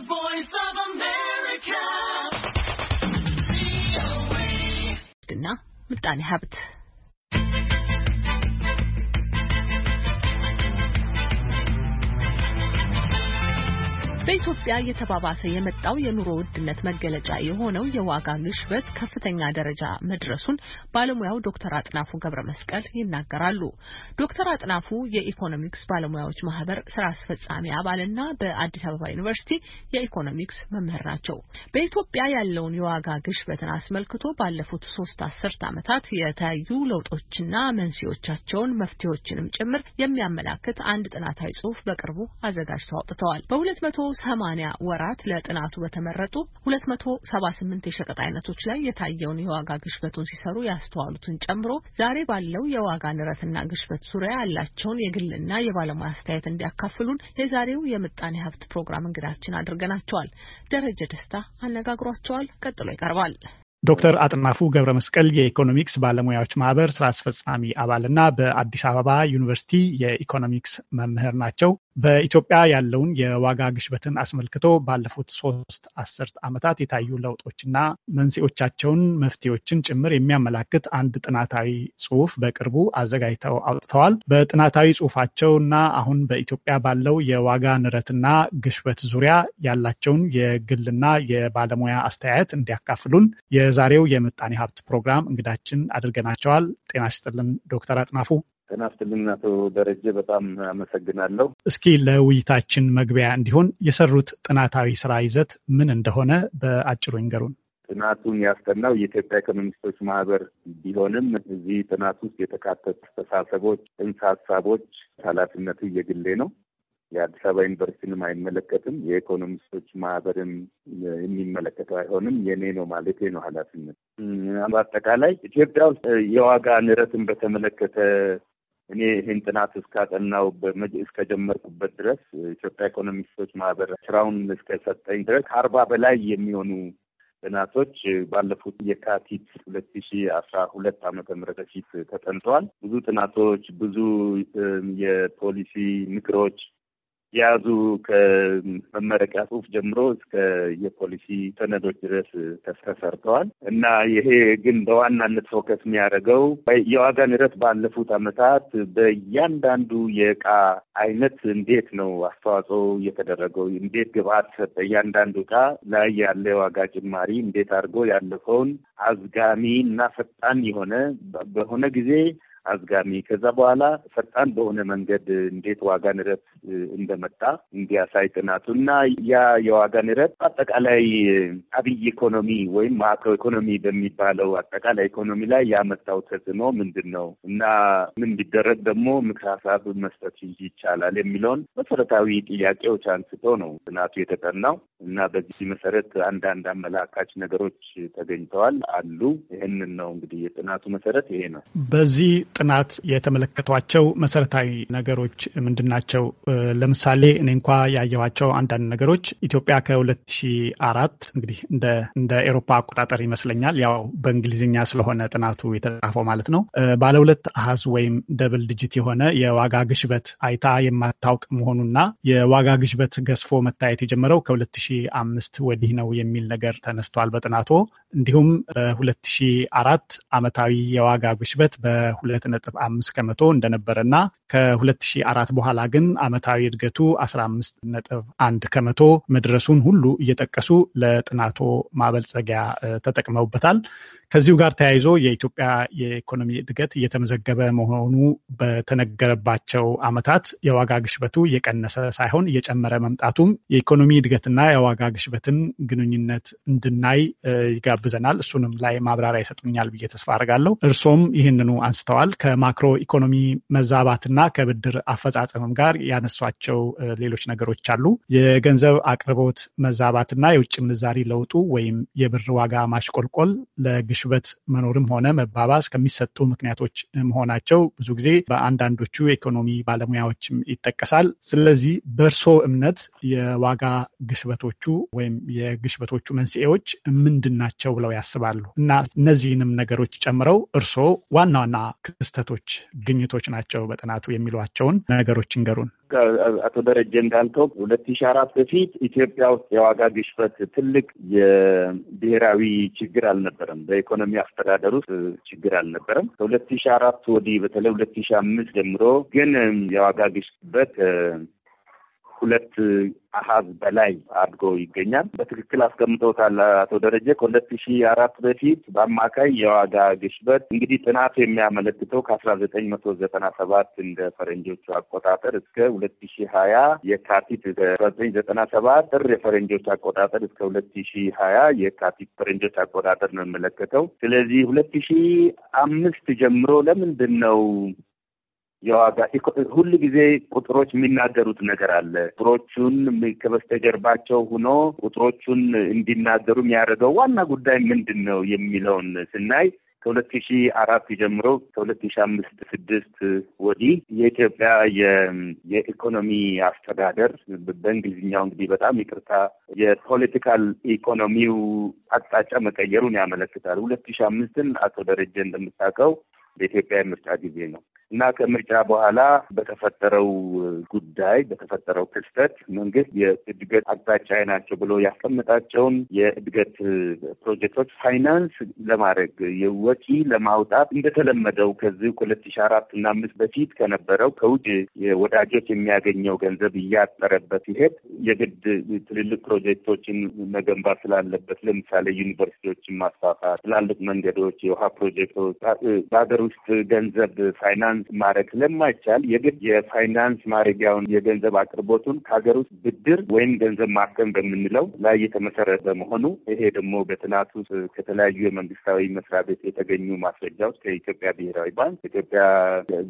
The voice of America. ምጣኔ ሀብት በኢትዮጵያ እየተባባሰ የመጣው የኑሮ ውድነት መገለጫ የሆነው የዋጋ ግሽበት ከፍተኛ ደረጃ መድረሱን ባለሙያው ዶክተር አጥናፉ ገብረ መስቀል ይናገራሉ። ዶክተር አጥናፉ የኢኮኖሚክስ ባለሙያዎች ማህበር ስራ አስፈጻሚ አባልና በአዲስ አበባ ዩኒቨርሲቲ የኢኮኖሚክስ መምህር ናቸው። በኢትዮጵያ ያለውን የዋጋ ግሽበትን አስመልክቶ ባለፉት ሶስት አስርት ዓመታት የተለያዩ ለውጦችና መንስኤዎቻቸውን መፍትሄዎችንም ጭምር የሚያመላክት አንድ ጥናታዊ ጽሁፍ በቅርቡ አዘጋጅተው አውጥተዋል። በሁለት መቶ 80 ወራት ለጥናቱ በተመረጡ 278 የሸቀጥ አይነቶች ላይ የታየውን የዋጋ ግሽበቱን ሲሰሩ ያስተዋሉትን ጨምሮ ዛሬ ባለው የዋጋ ንረትና ግሽበት ዙሪያ ያላቸውን የግልና የባለሙያ አስተያየት እንዲያካፍሉን የዛሬው የምጣኔ ሀብት ፕሮግራም እንግዳችን አድርገናቸዋል። ደረጀ ደስታ አነጋግሯቸዋል። ቀጥሎ ይቀርባል። ዶክተር አጥናፉ ገብረ መስቀል የኢኮኖሚክስ ባለሙያዎች ማህበር ስራ አስፈጻሚ አባልና በአዲስ አበባ ዩኒቨርሲቲ የኢኮኖሚክስ መምህር ናቸው። በኢትዮጵያ ያለውን የዋጋ ግሽበትን አስመልክቶ ባለፉት ሶስት አስርት ዓመታት የታዩ ለውጦችና መንስኤዎቻቸውን መፍትሄዎችን ጭምር የሚያመላክት አንድ ጥናታዊ ጽሑፍ በቅርቡ አዘጋጅተው አውጥተዋል። በጥናታዊ ጽሑፋቸውና አሁን በኢትዮጵያ ባለው የዋጋ ንረትና ግሽበት ዙሪያ ያላቸውን የግልና የባለሙያ አስተያየት እንዲያካፍሉን የዛሬው የምጣኔ ሀብት ፕሮግራም እንግዳችን አድርገናቸዋል። ጤና ይስጥልን ዶክተር አጥናፉ ጤና አቶ ደረጀ፣ በጣም አመሰግናለሁ። እስኪ ለውይይታችን መግቢያ እንዲሆን የሰሩት ጥናታዊ ስራ ይዘት ምን እንደሆነ በአጭሩ ይንገሩን። ጥናቱን ያስጠናው የኢትዮጵያ ኢኮኖሚስቶች ማህበር ቢሆንም እዚህ ጥናት ውስጥ የተካተቱ አስተሳሰቦች፣ ጽንሰ ሀሳቦች ኃላፊነቱ የግሌ ነው። የአዲስ አበባ ዩኒቨርሲቲንም አይመለከትም። የኢኮኖሚስቶች ማህበርም የሚመለከተው አይሆንም። የኔ ነው ማለት ነው ኃላፊነት። በአጠቃላይ ኢትዮጵያ ውስጥ የዋጋ ንረትን በተመለከተ እኔ ይህን ጥናት እስካጠናው እስከጀመርኩበት ድረስ ኢትዮጵያ ኢኮኖሚስቶች ማህበር ስራውን እስከሰጠኝ ድረስ ከአርባ በላይ የሚሆኑ ጥናቶች ባለፉት የካቲት ሁለት ሺ አስራ ሁለት ዓመተ ምህረት በፊት ተጠንተዋል። ብዙ ጥናቶች፣ ብዙ የፖሊሲ ምክሮች የያዙ ከመመረቂያ ጽሁፍ ጀምሮ እስከ የፖሊሲ ሰነዶች ድረስ ተሰርተዋል እና ይሄ ግን በዋናነት ፎከስ የሚያደርገው የዋጋ ንረት ባለፉት ዓመታት በእያንዳንዱ የእቃ አይነት እንዴት ነው አስተዋጽኦ እየተደረገው፣ እንዴት ግብአት ሰጠ፣ እያንዳንዱ እቃ ላይ ያለ የዋጋ ጭማሪ እንዴት አድርጎ ያለፈውን አዝጋሚ እና ፈጣን የሆነ በሆነ ጊዜ አዝጋሚ ከዛ በኋላ ፈጣን በሆነ መንገድ እንዴት ዋጋ ንረት እንደመጣ እንዲያሳይ ጥናቱ እና ያ የዋጋ ንረት አጠቃላይ አብይ ኢኮኖሚ ወይም ማክሮ ኢኮኖሚ በሚባለው አጠቃላይ ኢኮኖሚ ላይ ያመጣው ተጽዕኖ ምንድን ነው እና ምን ቢደረግ ደግሞ ምክረ ሀሳብ መስጠት ይቻላል የሚለውን መሰረታዊ ጥያቄዎች አንስቶ ነው ጥናቱ የተጠናው እና በዚህ መሰረት አንዳንድ አመላካች ነገሮች ተገኝተዋል አሉ። ይህንን ነው እንግዲህ የጥናቱ መሰረት ይሄ ነው። በዚህ ጥናት የተመለከቷቸው መሰረታዊ ነገሮች ምንድን ናቸው? ለምሳሌ እኔ እንኳ ያየኋቸው አንዳንድ ነገሮች ኢትዮጵያ ከ2004 እንግዲህ እንደ ኤሮፓ አቆጣጠር ይመስለኛል ያው በእንግሊዝኛ ስለሆነ ጥናቱ የተጻፈው ማለት ነው ባለ ሁለት አሃዝ ወይም ደብል ድጅት የሆነ የዋጋ ግሽበት አይታ የማታውቅ መሆኑና የዋጋ ግሽበት ገዝፎ መታየት የጀመረው ከ2005 ወዲህ ነው የሚል ነገር ተነስቷል በጥናቶ እንዲሁም በ2004 ዓመታዊ የዋጋ ግሽበት በ2.5 ከመቶ እንደነበረ እንደነበረና ከ2004 በኋላ ግን ዓመታዊ እድገቱ 15.1 ከመቶ መድረሱን ሁሉ እየጠቀሱ ለጥናቶ ማበልጸጊያ ተጠቅመውበታል። ከዚሁ ጋር ተያይዞ የኢትዮጵያ የኢኮኖሚ እድገት እየተመዘገበ መሆኑ በተነገረባቸው ዓመታት የዋጋ ግሽበቱ እየቀነሰ ሳይሆን እየጨመረ መምጣቱም የኢኮኖሚ እድገትና የዋጋ ግሽበትን ግንኙነት እንድናይ ይጋ ጋብዘናል። እሱንም ላይ ማብራሪያ ይሰጡኛል ብዬ ተስፋ አድርጋለሁ። እርሶም ይህንኑ አንስተዋል። ከማክሮ ኢኮኖሚ መዛባትና ከብድር አፈጻጸምም ጋር ያነሷቸው ሌሎች ነገሮች አሉ። የገንዘብ አቅርቦት መዛባትና የውጭ ምንዛሪ ለውጡ ወይም የብር ዋጋ ማሽቆልቆል ለግሽበት መኖርም ሆነ መባባስ ከሚሰጡ ምክንያቶች መሆናቸው ብዙ ጊዜ በአንዳንዶቹ የኢኮኖሚ ባለሙያዎችም ይጠቀሳል። ስለዚህ በእርሶ እምነት የዋጋ ግሽበቶቹ ወይም የግሽበቶቹ መንስኤዎች ምንድን ናቸው? ናቸው ብለው ያስባሉ እና እነዚህንም ነገሮች ጨምረው እርስዎ ዋና ዋና ክስተቶች፣ ግኝቶች ናቸው በጥናቱ የሚሏቸውን ነገሮች እንገሩን። አቶ ደረጀ እንዳልከው ሁለት ሺ አራት በፊት ኢትዮጵያ ውስጥ የዋጋ ግሽበት ትልቅ የብሔራዊ ችግር አልነበረም። በኢኮኖሚ አስተዳደር ውስጥ ችግር አልነበረም። ከሁለት ሺ አራት ወዲህ በተለይ ሁለት ሺ አምስት ጀምሮ ግን የዋጋ ግሽበት ሁለት አሀዝ በላይ አድጎ ይገኛል። በትክክል አስቀምጠውታል አቶ ደረጀ። ከሁለት ሺ አራት በፊት በአማካይ የዋጋ ግሽበት እንግዲህ ጥናቱ የሚያመለክተው ከአስራ ዘጠኝ መቶ ዘጠና ሰባት እንደ ፈረንጆቹ አቆጣጠር እስከ ሁለት ሺ ሀያ የካቲት አስራ ዘጠኝ ዘጠና ሰባት ጥር የፈረንጆች አቆጣጠር እስከ ሁለት ሺ ሀያ የካቲት ፈረንጆች አቆጣጠር ነው የሚመለከተው። ስለዚህ ሁለት ሺ አምስት ጀምሮ ለምንድን ነው የዋጋ ሁል ጊዜ ቁጥሮች የሚናገሩት ነገር አለ። ቁጥሮቹን ከበስተጀርባቸው ሆኖ ቁጥሮቹን እንዲናገሩ የሚያደርገው ዋና ጉዳይ ምንድን ነው የሚለውን ስናይ ከሁለት ሺ አራት ጀምሮ ከሁለት ሺ አምስት ስድስት ወዲህ የኢትዮጵያ የኢኮኖሚ አስተዳደር በእንግሊዝኛው እንግዲህ በጣም ይቅርታ የፖለቲካል ኢኮኖሚው አቅጣጫ መቀየሩን ያመለክታል። ሁለት ሺ አምስትን አቶ ደረጀ እንደምታውቀው በኢትዮጵያ የምርጫ ጊዜ ነው። እና ከምርጫ በኋላ በተፈጠረው ጉዳይ በተፈጠረው ክስተት መንግስት የእድገት አቅጣጫ ናቸው ብሎ ያስቀመጣቸውን የእድገት ፕሮጀክቶች ፋይናንስ ለማድረግ የወጪ ለማውጣት እንደተለመደው ከዚህ ሁለት ሺ አራት እና አምስት በፊት ከነበረው ከውጭ ወዳጆች የሚያገኘው ገንዘብ እያጠረበት ሲሄድ የግድ ትልልቅ ፕሮጀክቶችን መገንባት ስላለበት ለምሳሌ ዩኒቨርሲቲዎችን ማስፋፋት፣ ትላልቅ መንገዶች፣ የውሃ ፕሮጀክቶች በሀገር ውስጥ ገንዘብ ፋይናንስ ኢንቨስትመንት ማድረግ ስለማይቻል የግድ የፋይናንስ ማድረጊያውን የገንዘብ አቅርቦቱን ከሀገር ውስጥ ብድር ወይም ገንዘብ ማከም በምንለው ላይ የተመሰረተ በመሆኑ ይሄ ደግሞ በጥናት ውስጥ ከተለያዩ የመንግስታዊ መስሪያ ቤት የተገኙ ማስረጃዎች ከኢትዮጵያ ብሔራዊ ባንክ፣ ኢትዮጵያ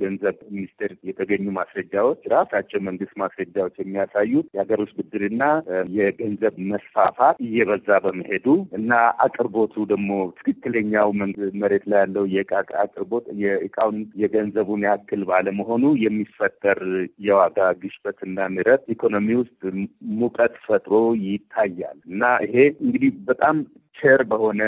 ገንዘብ ሚኒስቴር የተገኙ ማስረጃዎች ራሳቸው መንግስት ማስረጃዎች የሚያሳዩ የሀገር ውስጥ ብድርና የገንዘብ መስፋፋት እየበዛ በመሄዱ እና አቅርቦቱ ደግሞ ትክክለኛው መሬት ላይ ያለው የእቃ አቅርቦት የእቃውን የገንዘቡን የአሁኑ ያክል ባለመሆኑ የሚፈጠር የዋጋ ግሽበትና ንረት ኢኮኖሚ ውስጥ ሙቀት ፈጥሮ ይታያል እና ይሄ እንግዲህ በጣም ቸር በሆነ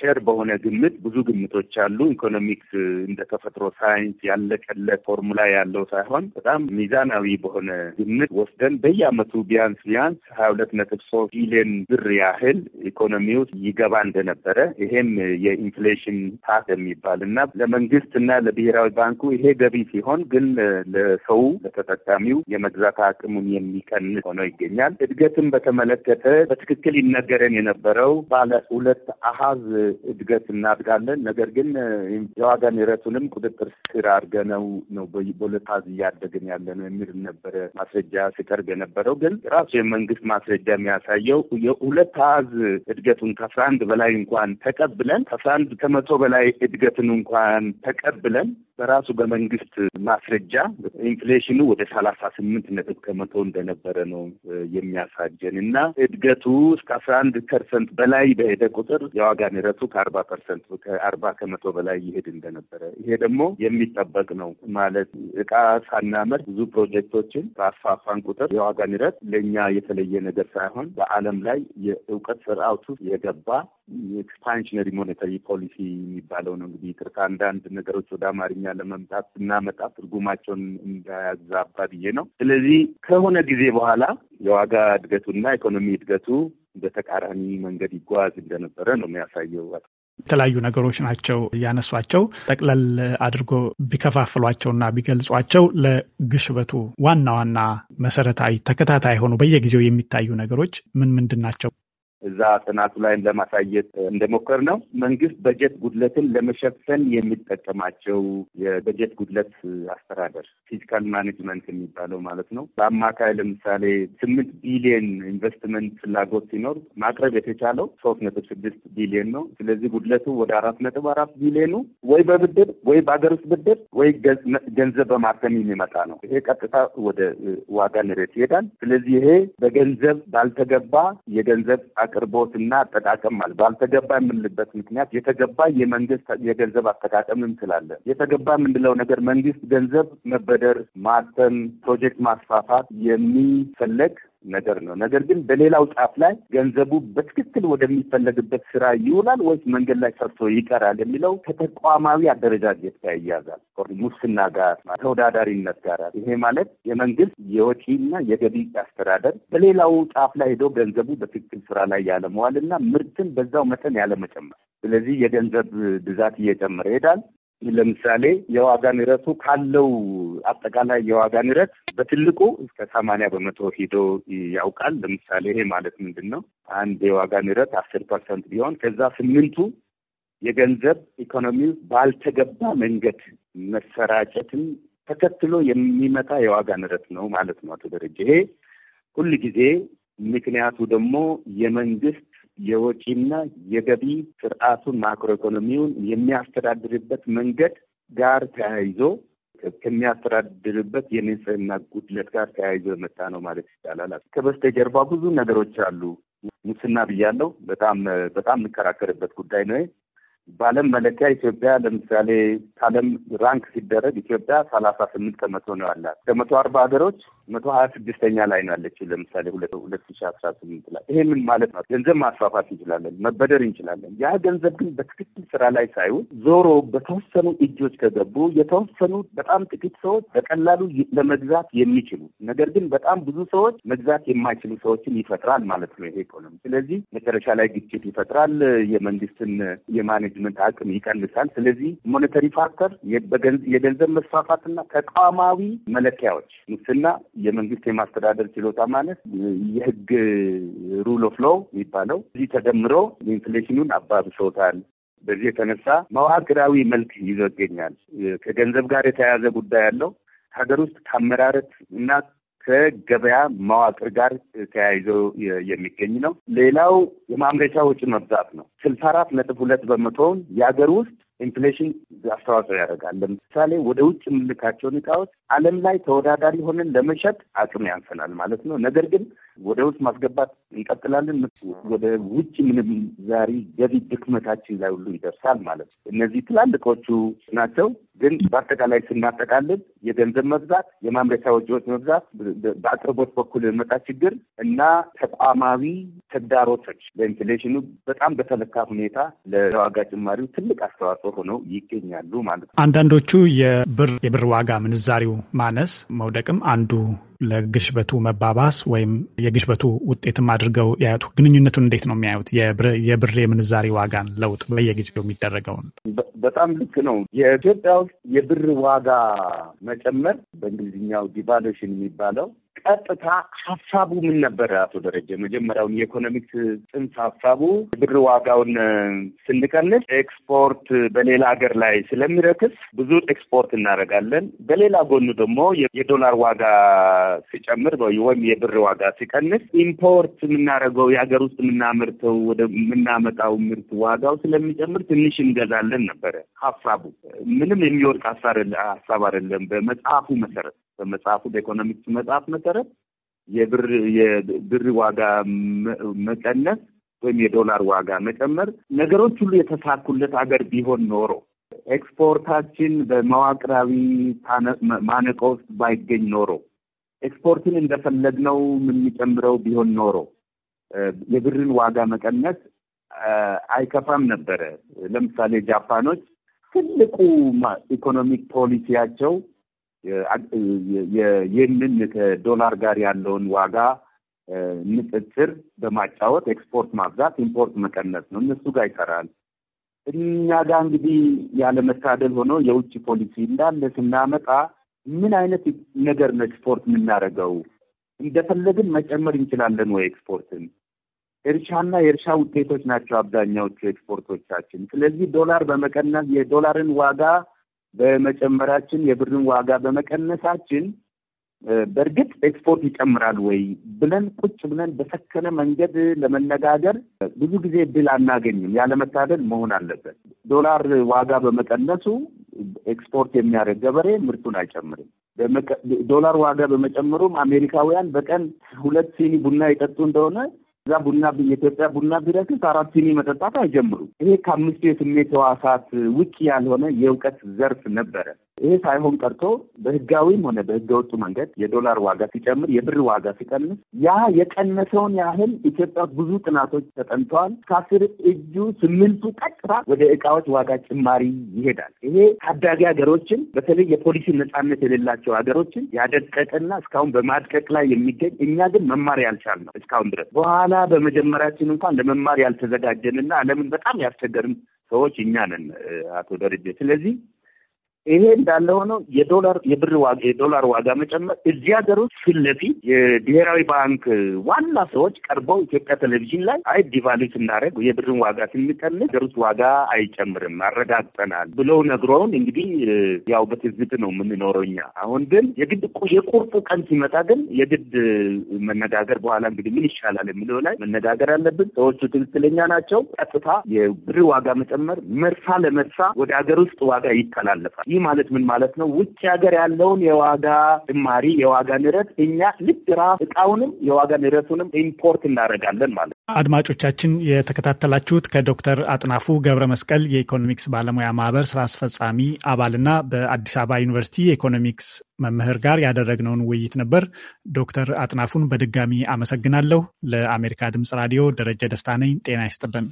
ቸር በሆነ ግምት ብዙ ግምቶች አሉ። ኢኮኖሚክስ እንደ ተፈጥሮ ሳይንስ ያለቀለት ፎርሙላ ያለው ሳይሆን በጣም ሚዛናዊ በሆነ ግምት ወስደን በየአመቱ ቢያንስ ቢያንስ ሀያ ሁለት ነጥብ ሶስት ቢሊዮን ብር ያህል ኢኮኖሚ ውስጥ ይገባ እንደነበረ ይሄም የኢንፍሌሽን ፓት የሚባል እና ለመንግስት እና ለብሔራዊ ባንኩ ይሄ ገቢ ሲሆን ግን ለሰው ለተጠቃሚው የመግዛት አቅሙን የሚቀንስ ሆኖ ይገኛል። እድገትን በተመለከተ በትክክል ይነገረን የነበረው ባለ በሁለት አሀዝ እድገት እናድጋለን። ነገር ግን የዋጋ ንረቱንም ቁጥጥር ስር አድርገነው ነው በሁለት አሀዝ እያደግን ያለ ነው የሚል ነበረ ማስረጃ ሲቀርብ የነበረው። ግን ራሱ የመንግስት ማስረጃ የሚያሳየው የሁለት አሀዝ እድገቱን ከአስራ አንድ በላይ እንኳን ተቀብለን ከአስራ አንድ ከመቶ በላይ እድገትን እንኳን ተቀብለን በራሱ በመንግስት ማስረጃ ኢንፍሌሽኑ ወደ ሰላሳ ስምንት ነጥብ ከመቶ እንደነበረ ነው የሚያሳጀን እና እድገቱ እስከ አስራ አንድ ፐርሰንት በላይ በሄደ ቁጥር የዋጋ ንረቱ ከአርባ ፐርሰንት ከአርባ ከመቶ በላይ ይሄድ እንደነበረ ይሄ ደግሞ የሚጠበቅ ነው ማለት እቃ ሳናመር ብዙ ፕሮጀክቶችን በአፋፋን ቁጥር የዋጋ ንረት ለእኛ የተለየ ነገር ሳይሆን በዓለም ላይ የእውቀት ስርዓቱ የገባ ኤክስፓንሽነሪ ሞኔታሪ ፖሊሲ የሚባለው ነው። እንግዲህ ትርታ አንዳንድ ነገሮች ወደ አማርኛ ለመምጣት ስናመጣ ትርጉማቸውን እንዳያዛባ ብዬ ነው። ስለዚህ ከሆነ ጊዜ በኋላ የዋጋ እድገቱና ኢኮኖሚ እድገቱ በተቃራኒ መንገድ ይጓዝ እንደነበረ ነው የሚያሳየው። የተለያዩ ነገሮች ናቸው ያነሷቸው። ጠቅለል አድርጎ ቢከፋፍሏቸውና ቢገልጿቸው ለግሽበቱ ዋና ዋና መሰረታዊ ተከታታይ ሆኑ በየጊዜው የሚታዩ ነገሮች ምን ምንድን ናቸው? እዛ ጥናቱ ላይ ለማሳየት እንደሞከር ነው መንግስት በጀት ጉድለትን ለመሸፈን የሚጠቀማቸው የበጀት ጉድለት አስተዳደር ፊዚካል ማኔጅመንት የሚባለው ማለት ነው። በአማካይ ለምሳሌ ስምንት ቢሊየን ኢንቨስትመንት ፍላጎት ሲኖር ማቅረብ የተቻለው ሶስት ነጥብ ስድስት ቢሊየን ነው። ስለዚህ ጉድለቱ ወደ አራት ነጥብ አራት ቢሊየኑ ወይ በብድር ወይ በሀገር ውስጥ ብድር ወይ ገንዘብ በማተም የሚመጣ ነው። ይሄ ቀጥታ ወደ ዋጋ ንረት ይሄዳል። ስለዚህ ይሄ በገንዘብ ባልተገባ የገንዘብ አቅርቦትና አጠቃቀም አለ። ባልተገባ የምንልበት ምክንያት የተገባ የመንግስት የገንዘብ አጠቃቀም ስላለ የተገባ የምንለው ነገር መንግስት ገንዘብ መበደር፣ ማተም፣ ፕሮጀክት ማስፋፋት የሚፈለግ ነገር ነው። ነገር ግን በሌላው ጫፍ ላይ ገንዘቡ በትክክል ወደሚፈለግበት ስራ ይውላል ወይስ መንገድ ላይ ሰርቶ ይቀራል የሚለው ከተቋማዊ አደረጃጀት ጋር ይያዛል። ሙስና ጋር፣ ተወዳዳሪነት ጋር። ይሄ ማለት የመንግስት የወጪና የገቢ አስተዳደር በሌላው ጫፍ ላይ ሄዶ ገንዘቡ በትክክል ስራ ላይ እና ምርትን በዛው መጠን ያለመጨመር። ስለዚህ የገንዘብ ብዛት እየጨመረ ይሄዳል። ለምሳሌ የዋጋ ንረቱ ካለው አጠቃላይ የዋጋ ንረት በትልቁ እስከ ሰማንያ በመቶ ሂዶ ያውቃል። ለምሳሌ ይሄ ማለት ምንድን ነው? አንድ የዋጋ ንረት አስር ፐርሰንት ቢሆን ከዛ ስምንቱ የገንዘብ ኢኮኖሚው ባልተገባ መንገድ መሰራጨትን ተከትሎ የሚመጣ የዋጋ ንረት ነው ማለት ነው። አቶ ደረጀ ይሄ ሁል ጊዜ ምክንያቱ ደግሞ የመንግስት የወጪና የገቢ ስርዓቱን ማክሮ ኢኮኖሚውን የሚያስተዳድርበት መንገድ ጋር ተያይዞ ከሚያስተዳድርበት የንጽህና ጉድለት ጋር ተያይዞ የመጣ ነው ማለት ይቻላል። ከበስተጀርባ ብዙ ነገሮች አሉ። ሙስና ብያለው። በጣም በጣም የምከራከርበት ጉዳይ ነው። በዓለም መለኪያ ኢትዮጵያ ለምሳሌ ከዓለም ራንክ ሲደረግ ኢትዮጵያ ሰላሳ ስምንት ከመቶ ነው ያላት ከመቶ አርባ ሀገሮች መቶ ሀያ ስድስተኛ ላይ ነው ያለችው። ለምሳሌ ሁለት ሺ አስራ ስምንት ላይ ይሄ ምን ማለት ነው? ገንዘብ ማስፋፋት እንችላለን፣ መበደር እንችላለን። ያ ገንዘብ ግን በትክክል ስራ ላይ ሳይሆን ዞሮ በተወሰኑ እጆች ከገቡ የተወሰኑ በጣም ጥቂት ሰዎች በቀላሉ ለመግዛት የሚችሉ ነገር ግን በጣም ብዙ ሰዎች መግዛት የማይችሉ ሰዎችን ይፈጥራል ማለት ነው ይሄ ኢኮኖሚ። ስለዚህ መጨረሻ ላይ ግጭት ይፈጥራል፣ የመንግስትን የማኔጅመንት አቅም ይቀንሳል። ስለዚህ ሞኔተሪ ፋክተር የገንዘብ መስፋፋትና ተቋማዊ መለኪያዎች ሙስና የመንግስት የማስተዳደር ችሎታ ማለት የህግ ሩል ኦፍ ሎው የሚባለው እዚህ ተደምሮ ኢንፍሌሽኑን አባብሶታል። በዚህ የተነሳ መዋቅራዊ መልክ ይዞ ይገኛል። ከገንዘብ ጋር የተያያዘ ጉዳይ ያለው ሀገር ውስጥ ከአመራረት እና ከገበያ መዋቅር ጋር ተያይዞ የሚገኝ ነው። ሌላው የማምረቻ ወጪ መብዛት ነው። ስልሳ አራት ነጥብ ሁለት በመቶውን የሀገር ውስጥ ኢንፍሌሽን አስተዋጽኦ ያደርጋል። ለምሳሌ ወደ ውጭ የምንልካቸውን እቃዎች ዓለም ላይ ተወዳዳሪ ሆነን ለመሸጥ አቅም ያንሰናል ማለት ነው። ነገር ግን ወደ ውስጥ ማስገባት እንቀጥላለን። ወደ ውጭ ምንዛሪ ገቢ ድክመታችን ላይ ሁሉ ይደርሳል ማለት ነው። እነዚህ ትላልቆቹ ናቸው። ግን በአጠቃላይ ስናጠቃልል የገንዘብ መብዛት፣ የማምረቻ ወጪዎች መብዛት፣ በአቅርቦት በኩል የመጣ ችግር እና ተቋማዊ ተግዳሮቶች ለኢንፍሌሽኑ በጣም በተለካ ሁኔታ ለዋጋ ጭማሪው ትልቅ አስተዋጽኦ ሆነው ይገኛሉ ማለት ነው። አንዳንዶቹ የብር የብር ዋጋ ምንዛሪው ማነስ መውደቅም አንዱ ለግሽበቱ መባባስ ወይም የግሽበቱ ውጤትም አድርገው ያዩት? ግንኙነቱን እንዴት ነው የሚያዩት? የብር የምንዛሬ ዋጋን ለውጥ በየጊዜው የሚደረገውን። በጣም ልክ ነው። የኢትዮጵያ ውስጥ የብር ዋጋ መጨመር በእንግሊዝኛው ዲቫሉሽን የሚባለው ቀጥታ ሀሳቡ ምን ነበረ? አቶ ደረጀ መጀመሪያውን የኢኮኖሚክስ ጽንሰ ሀሳቡ ብር ዋጋውን ስንቀንስ ኤክስፖርት በሌላ ሀገር ላይ ስለሚረክስ ብዙ ኤክስፖርት እናደርጋለን። በሌላ ጎኑ ደግሞ የዶላር ዋጋ ሲጨምር ወይም የብር ዋጋ ሲቀንስ ኢምፖርት የምናደርገው የሀገር ውስጥ የምናመርተው ወደ የምናመጣው ምርት ዋጋው ስለሚጨምር ትንሽ እንገዛለን ነበረ ሀሳቡ። ምንም የሚወድቅ ሀሳብ አይደለም በመጽሐፉ መሰረት በመጽሐፉ በኢኮኖሚክስ መጽሐፍ መሰረት የብር ዋጋ መቀነስ ወይም የዶላር ዋጋ መጨመር ነገሮች ሁሉ የተሳኩለት ሀገር ቢሆን ኖሮ ኤክስፖርታችን በመዋቅራዊ ማነቆ ውስጥ ባይገኝ ኖሮ ኤክስፖርትን እንደፈለግነው የምንጨምረው ቢሆን ኖሮ የብርን ዋጋ መቀነስ አይከፋም ነበረ። ለምሳሌ ጃፓኖች ትልቁ ኢኮኖሚክ ፖሊሲያቸው ይህንን ከዶላር ጋር ያለውን ዋጋ ንጽጽር በማጫወት ኤክስፖርት ማብዛት፣ ኢምፖርት መቀነስ ነው። እነሱ ጋር ይሰራል። እኛ ጋር እንግዲህ ያለመታደል ሆኖ የውጭ ፖሊሲ እንዳለ ስናመጣ ምን አይነት ነገር ነው ኤክስፖርት የምናደርገው? እንደፈለግን መጨመር እንችላለን ወይ? ኤክስፖርትን እርሻና የእርሻ ውጤቶች ናቸው አብዛኛዎቹ ኤክስፖርቶቻችን። ስለዚህ ዶላር በመቀነስ የዶላርን ዋጋ በመጨመራችን የብርን ዋጋ በመቀነሳችን በእርግጥ ኤክስፖርት ይጨምራል ወይ ብለን ቁጭ ብለን በሰከነ መንገድ ለመነጋገር ብዙ ጊዜ እድል አናገኝም። ያለመታደል መሆን አለበት። ዶላር ዋጋ በመቀነሱ ኤክስፖርት የሚያደርግ ገበሬ ምርቱን አይጨምርም። ዶላር ዋጋ በመጨመሩም አሜሪካውያን በቀን ሁለት ሲኒ ቡና የጠጡ እንደሆነ እዛ ቡና የኢትዮጵያ ቡና ቢረክስ አራት ሲኒ መጠጣት አይጀምሩም። ይሄ ከአምስቱ የስሜት ህዋሳት ውጭ ያልሆነ የእውቀት ዘርፍ ነበረ። ይሄ ሳይሆን ቀርቶ በህጋዊም ሆነ በህገ ወጡ መንገድ የዶላር ዋጋ ሲጨምር፣ የብር ዋጋ ሲቀንስ ያ የቀነሰውን ያህል ኢትዮጵያ ውስጥ ብዙ ጥናቶች ተጠንተዋል። ከአስር እጁ ስምንቱ ቀጥታ ወደ እቃዎች ዋጋ ጭማሪ ይሄዳል። ይሄ ታዳጊ ሀገሮችን በተለይ የፖሊሲ ነጻነት የሌላቸው ሀገሮችን ያደቀቀና እስካሁን በማድቀቅ ላይ የሚገኝ እኛ ግን መማር ነው እስካሁን ድረስ በኋላ በመጀመሪያችን እንኳን ለመማር ያልተዘጋጀንና ዓለምን በጣም ያስቸገርን ሰዎች እኛ ነን አቶ ደረጀ። ስለዚህ ይሄ እንዳለ ሆኖ የዶላር የብር ዋጋ የዶላር ዋጋ መጨመር እዚህ ሀገር ውስጥ ፊት ለፊት የብሔራዊ ባንክ ዋና ሰዎች ቀርበው ኢትዮጵያ ቴሌቪዥን ላይ አይ ዲቫሉ ስናደርግ የብርን ዋጋ ስንቀንስ ሀገር ውስጥ ዋጋ አይጨምርም አረጋግጠናል ብለው ነግሮውን እንግዲህ ያው በትዝብት ነው የምንኖረው እኛ። አሁን ግን የግድ የቁርጡ ቀን ሲመጣ ግን የግድ መነጋገር በኋላ እንግዲህ ምን ይሻላል የሚለው ላይ መነጋገር አለብን። ሰዎቹ ትክክለኛ ናቸው። ቀጥታ የብር ዋጋ መጨመር መርሳ ለመርሳ ወደ ሀገር ውስጥ ዋጋ ይተላለፋል። ይህ ማለት ምን ማለት ነው? ውጭ ሀገር ያለውን የዋጋ ጭማሪ የዋጋ ንረት እኛ ልክ እቃውንም የዋጋ ንረቱንም ኢምፖርት እናደርጋለን ማለት ነው። አድማጮቻችን የተከታተላችሁት ከዶክተር አጥናፉ ገብረ መስቀል የኢኮኖሚክስ ባለሙያ ማህበር ስራ አስፈጻሚ አባልና በአዲስ አበባ ዩኒቨርሲቲ የኢኮኖሚክስ መምህር ጋር ያደረግነውን ውይይት ነበር። ዶክተር አጥናፉን በድጋሚ አመሰግናለሁ። ለአሜሪካ ድምጽ ራዲዮ ደረጀ ደስታ ነኝ። ጤና ይስጥልን።